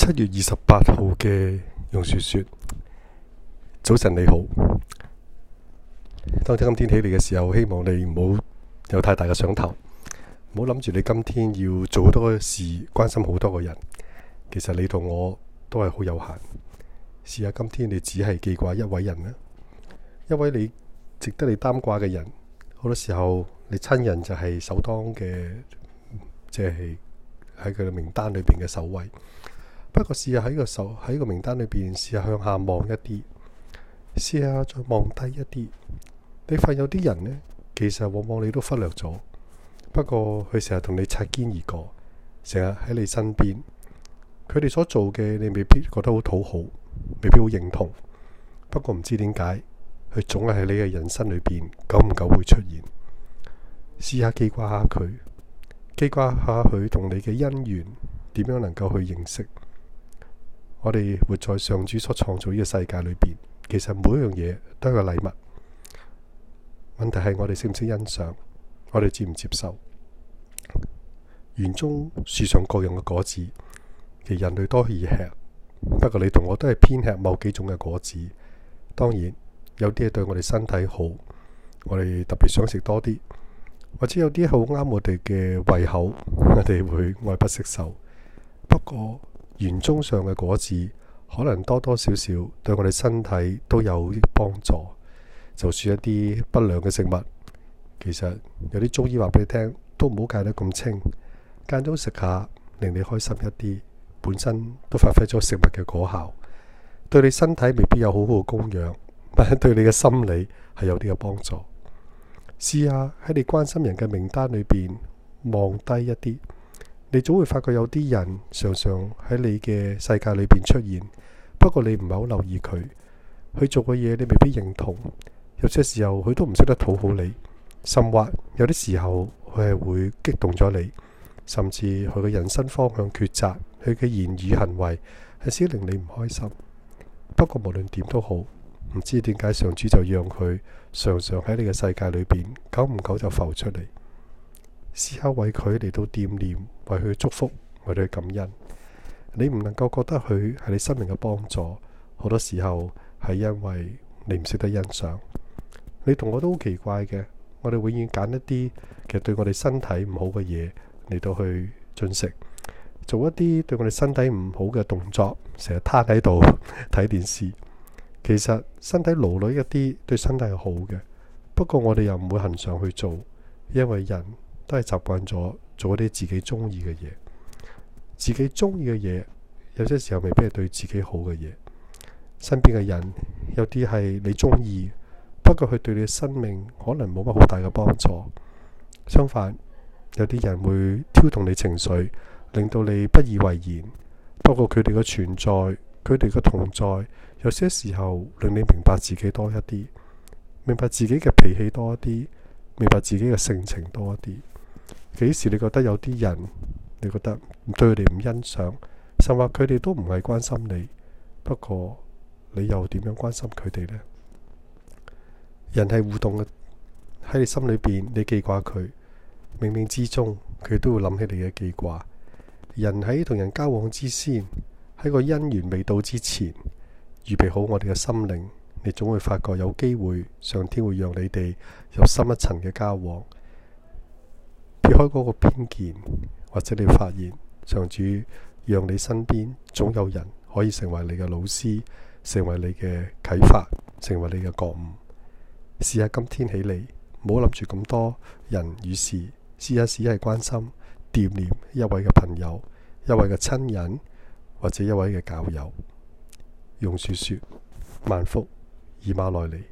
七月二十八號嘅容雪雪，早晨你好。當聽今天起嚟嘅時候，希望你唔好有太大嘅想頭，唔好諗住你今天要做好多事，關心好多個人。其實你同我都係好有限。試下今天你只係記掛一位人啦，一位你值得你擔掛嘅人。好多時候你親人就係首當嘅，即係喺佢嘅名單裏邊嘅首位。不過試下喺個手喺個名單裏邊，試下向下望一啲，試下再望低一啲，你發現有啲人呢，其實往往你都忽略咗。不過佢成日同你擦肩而過，成日喺你身邊，佢哋所做嘅你未必覺得好討好，未必好認同。不過唔知點解，佢總係喺你嘅人生裏邊久唔久會出現。試下記掛下佢，記掛下佢同你嘅姻緣，點樣能夠去認識。我哋活在上主所創造呢個世界裏邊，其實每一樣嘢都係個禮物。問題係我哋識唔識欣賞，我哋接唔接受。園中樹上各樣嘅果子，其實人類都可以吃。不過你同我都係偏吃某幾種嘅果子。當然有啲嘢對我哋身體好，我哋特別想食多啲；或者有啲好啱我哋嘅胃口，我哋會愛不釋手。不過，園中上嘅果子，可能多多少少對我哋身體都有幫助。就算一啲不良嘅食物，其實有啲中醫話俾你聽，都唔好戒得咁清，間中食下令你開心一啲，本身都發揮咗食物嘅果效，對你身體未必有好好嘅供養，但對你嘅心理係有啲嘅幫助。試下喺你關心人嘅名單裏邊望低一啲。你總會發覺有啲人常常喺你嘅世界裏邊出現，不過你唔係好留意佢，佢做嘅嘢你未必認同，有啲時候佢都唔識得討好你，甚或有啲時候佢係會激動咗你，甚至佢嘅人生方向抉擇，佢嘅言語行為係先令你唔開心。不過無論點都好，唔知點解上主就讓佢常常喺你嘅世界裏邊，久唔久就浮出嚟。思考為佢嚟到惦念，為佢祝福，為佢感恩。你唔能夠覺得佢係你生命嘅幫助，好多時候係因為你唔識得欣賞。你同我都好奇怪嘅，我哋永遠揀一啲其實對我哋身體唔好嘅嘢嚟到去進食，做一啲對我哋身體唔好嘅動作，成日趴喺度睇電視。其實身體勞累一啲對身體係好嘅，不過我哋又唔會恒常去做，因為人。都係習慣咗做啲自己中意嘅嘢，自己中意嘅嘢有些時候未必係對自己好嘅嘢。身邊嘅人有啲係你中意，不過佢對你嘅生命可能冇乜好大嘅幫助。相反，有啲人會挑動你情緒，令到你不以為然。不過佢哋嘅存在，佢哋嘅同在，有些時候令你明白自己多一啲，明白自己嘅脾氣多一啲，明白自己嘅性情多一啲。幾時你覺得有啲人，你覺得對佢哋唔欣賞，甚或佢哋都唔係關心你？不過你又點樣關心佢哋呢？人係互動嘅，喺你心裏邊，你記掛佢，冥冥之中佢都會諗起你嘅記掛。人喺同人交往之先，喺個姻緣未到之前，預備好我哋嘅心靈，你總會發覺有機會，上天會讓你哋有深一層嘅交往。撇開嗰個偏見，或者你發現上主讓你身邊總有人可以成為你嘅老師，成為你嘅啟發，成為你嘅覺悟。試下今天起你唔好諗住咁多人與事，試下只係關心惦念一位嘅朋友、一位嘅親人或者一位嘅教友。用說說：萬福以馬內利。